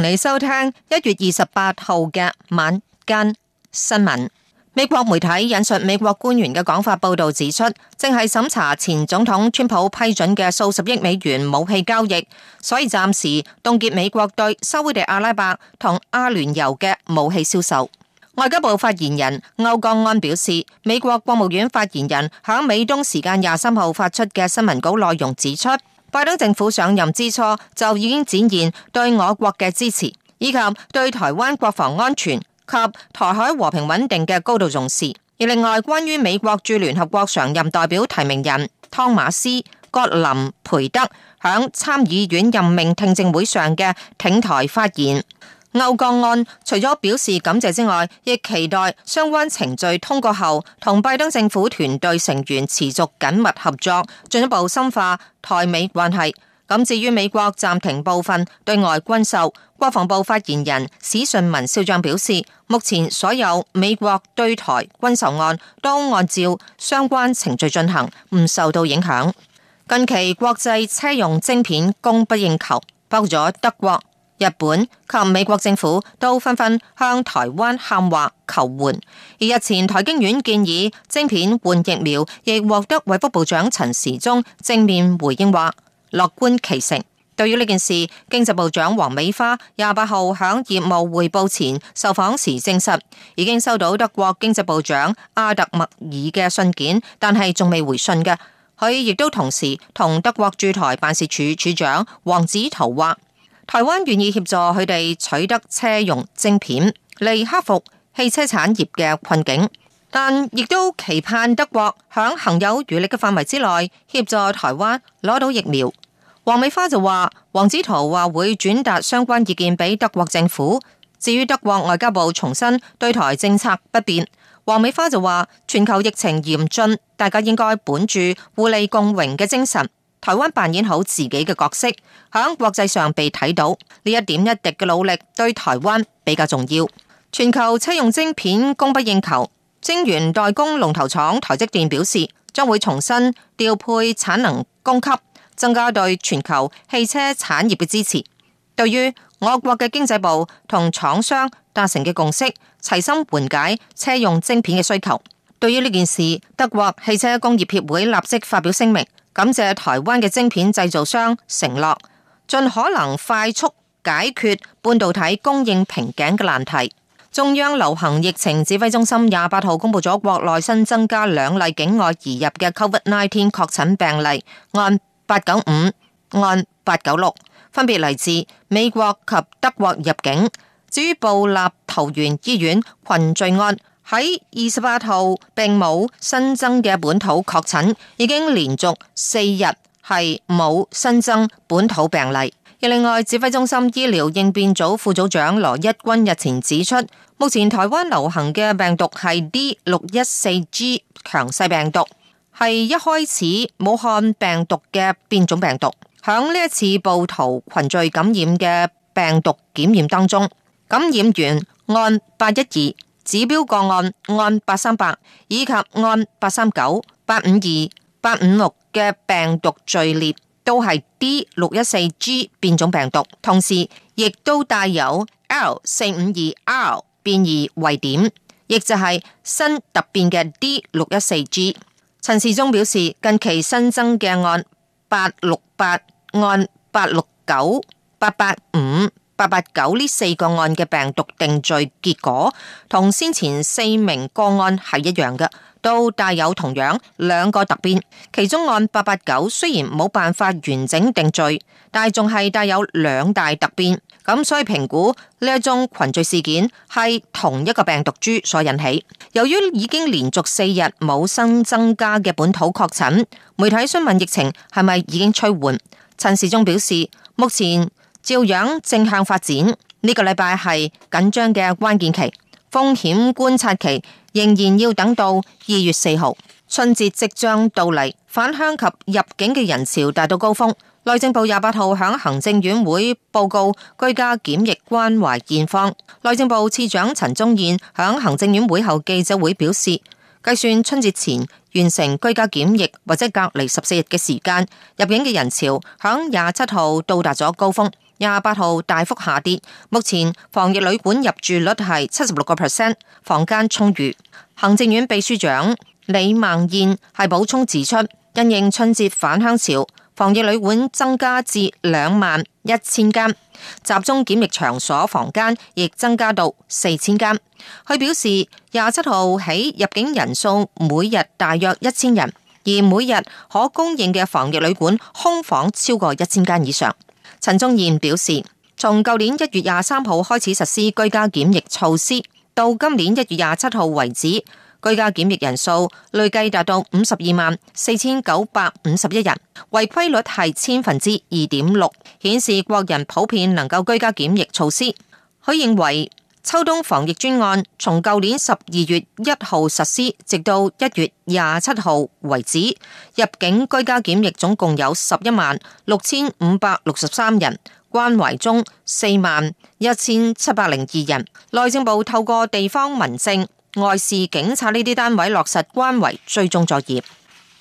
同你收聽一月二十八號嘅晚間新聞。美國媒體引述美國官員嘅講法報道指出，正係審查前總統川普批准嘅數十億美元武器交易，所以暫時凍結美國對沙烏地阿拉伯同阿聯酋嘅武器銷售。外交部發言人歐江安表示，美國國務院發言人喺美東時間廿三號發出嘅新聞稿內容指出。拜登政府上任之初，就已經展現對我國嘅支持，以及對台灣國防安全及台海和平穩定嘅高度重視。而另外，關於美國駐聯合國常任代表提名人湯馬斯葛林培德響參議院任命聽證會上嘅挺台發言。歐國案除咗表示感謝之外，亦期待相關程序通過後，同拜登政府團隊成員持續緊密合作，進一步深化台美關係。咁至於美國暫停部分對外軍售，國防部發言人史順文少將表示，目前所有美國對台軍售案都按照相關程序進行，唔受到影響。近期國際車用晶片供不應求，包括咗德國。日本及美國政府都紛紛向台灣喊話求援，而日前台經院建議晶片換疫苗，亦獲得衛福部,部長陳時中正面回應話樂觀其成。對於呢件事，經濟部長黃美花廿八號響業務匯報前受訪時證實，已經收到德國經濟部長阿特默爾嘅信件，但係仲未回信嘅。佢亦都同時同德國駐台辦事處處,處長黃子頭話。台灣願意協助佢哋取得車用晶片，嚟克服汽車產業嘅困境，但亦都期盼德國響行有餘力嘅範圍之內協助台灣攞到疫苗。王美花就話，王子陶話會轉達相關意見俾德國政府。至於德國外交部重申對台政策不變，王美花就話全球疫情嚴峻，大家應該本住互利共榮嘅精神。台灣扮演好自己嘅角色，響國際上被睇到，呢一點一滴嘅努力，對台灣比較重要。全球車用晶片供不應求，晶圓代工龍頭廠台積電表示，將會重新調配產能供給，增加對全球汽車產業嘅支持。對於我國嘅經濟部同廠商達成嘅共識，齊心緩解車用晶片嘅需求。對於呢件事，德國汽車工業協會立即發表聲明。感謝台灣嘅晶片製造商承諾，盡可能快速解決半導體供應瓶頸嘅難題。中央流行疫情指揮中心廿八號公布咗國內新增加兩例境外移入嘅 c o v i d nineteen 確診病例，案八九五、案八九六，分別嚟自美國及德國入境。至於部立桃園醫院群聚案。喺二十八號，並冇新增嘅本土確診，已經連續四日係冇新增本土病例。而另外，指揮中心醫療應變組副組長羅一軍日前指出，目前台灣流行嘅病毒係 D 六一四 G 強勢病毒，係一開始武漢病毒嘅變種病毒。響呢一次部桃群聚感染嘅病毒檢驗當中，感染源案八一二。指標個案，案八三八以及案八三九、八五二、八五六嘅病毒序列都係 D 六一四 G 變種病毒，同時亦都帶有 L 四五二 R 變異位點，亦就係新突變嘅 D 六一四 G。陳時中表示，近期新增嘅案八六八、案八六九、八八五，八八九呢四個案嘅病毒定罪結果同先前四名個案係一樣嘅，都帶有同樣兩個突變。其中案八八九雖然冇辦法完整定罪，但仲係帶有兩大突變，咁所以評估呢一宗群聚事件係同一個病毒株所引起。由於已經連續四日冇新增加嘅本土確診，媒體詢問疫情係咪已經趨緩，陳時中表示目前，照樣正向發展，呢、這個禮拜係緊張嘅關鍵期，風險觀察期仍然要等到二月四號，春節即將到嚟，返鄉及入境嘅人潮達到高峰。內政部廿八號響行政院會報告居家檢疫關懷現況，內政部次長陳宗彥響行政院會後記者會表示，計算春節前完成居家檢疫或者隔離十四日嘅時間，入境嘅人潮響廿七號到達咗高峰。廿八號大幅下跌，目前防疫旅館入住率係七十六個 percent，房間充裕。行政院秘書長李孟燕係補充指出，因應春節返鄉潮，防疫旅館增加至兩萬一千間，集中檢疫場所房間亦增加到四千間。佢表示，廿七號起入境人數每日大約一千人，而每日可供應嘅防疫旅館空房超過一千間以上。陳宗彥表示，從舊年一月廿三號開始實施居家檢疫措施，到今年一月廿七號為止，居家檢疫人數累計達到五十二萬四千九百五十一人，違規率係千分之二點六，顯示國人普遍能夠居家檢疫措施。佢認為。秋冬防疫專案從舊年十二月一號實施，直到一月廿七號為止。入境居家檢疫總共有十一萬六千五百六十三人，關懷中四萬一千七百零二人。內政部透過地方民政、外事警察呢啲單位落實關懷追蹤作業。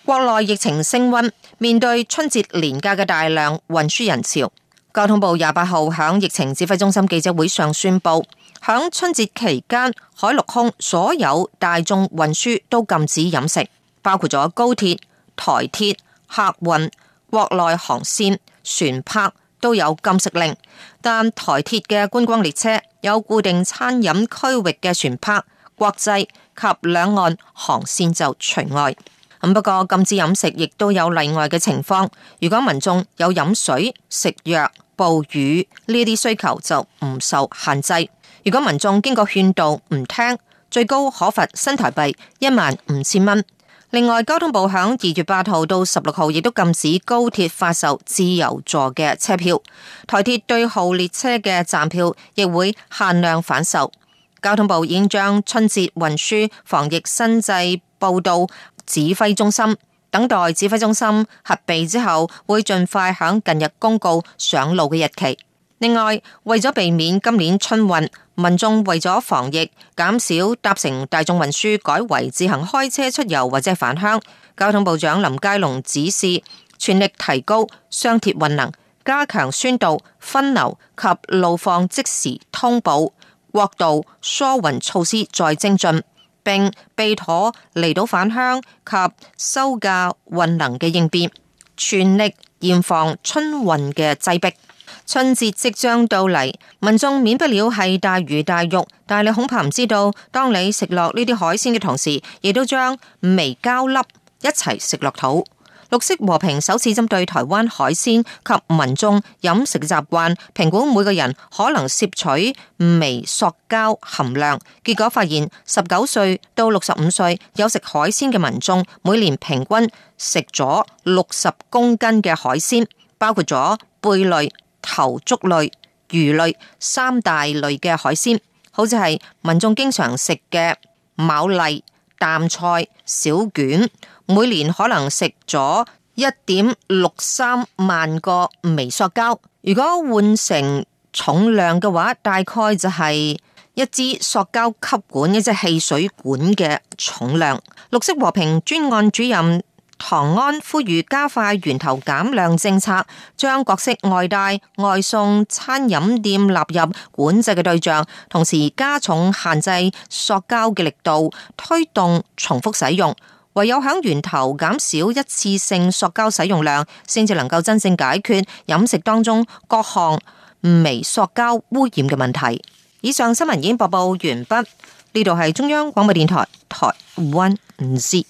國內疫情升溫，面對春節連假嘅大量運輸人潮，交通部廿八號響疫情指揮中心記者會上宣布。響春節期間，海陸空所有大眾運輸都禁止飲食，包括咗高鐵、台鐵、客運、國內航線、船舶都有禁食令。但台鐵嘅觀光列車有固定餐飲區域嘅船舶國際及兩岸航線就除外。咁不過禁止飲食亦都有例外嘅情況，如果民眾有飲水、食藥、暴雨呢啲需求就唔受限制。如果民眾經過勸導唔聽，最高可罰新台幣一萬五千蚊。另外，交通部響二月八號到十六號亦都禁止高鐵發售自由座嘅車票，台鐵對號列車嘅站票亦會限量販售。交通部已經將春節運輸防疫新制報到指揮中心，等待指揮中心核備之後，會盡快響近日公告上路嘅日期。另外，為咗避免今年春運，民眾為咗防疫，減少搭乘大眾運輸，改為自行開車出遊或者返鄉。交通部長林佳龍指示，全力提高雙鐵運能，加強宣導分流及路況即時通報，國道疏運措施再精進，並備妥離島返鄉及收假運能嘅應變，全力嚴防春運嘅擠迫。春節即將到嚟，民眾免不了係大魚大肉，但係你恐怕唔知道，當你食落呢啲海鮮嘅同時，亦都將微膠粒一齊食落肚。綠色和平首次針對台灣海鮮及民眾飲食習慣，評估每個人可能攝取微塑膠含量，結果發現十九歲到六十五歲有食海鮮嘅民眾，每年平均食咗六十公斤嘅海鮮，包括咗貝類。頭足類、魚類三大類嘅海鮮，好似係民眾經常食嘅牡蠣、淡菜、小卷，每年可能食咗一點六三萬個微塑膠。如果換成重量嘅話，大概就係一支塑膠吸管、一隻汽水管嘅重量。綠色和平專案主任。唐安呼籲加快源頭減量政策，將各式外帶、外送餐飲店納入管制嘅對象，同時加重限制塑膠嘅力度，推動重複使用。唯有響源頭減少一次性塑膠使用量，先至能夠真正解決飲食當中各項微塑膠污染嘅問題。以上新聞已經播報完畢，呢度係中央廣播電台台灣之音。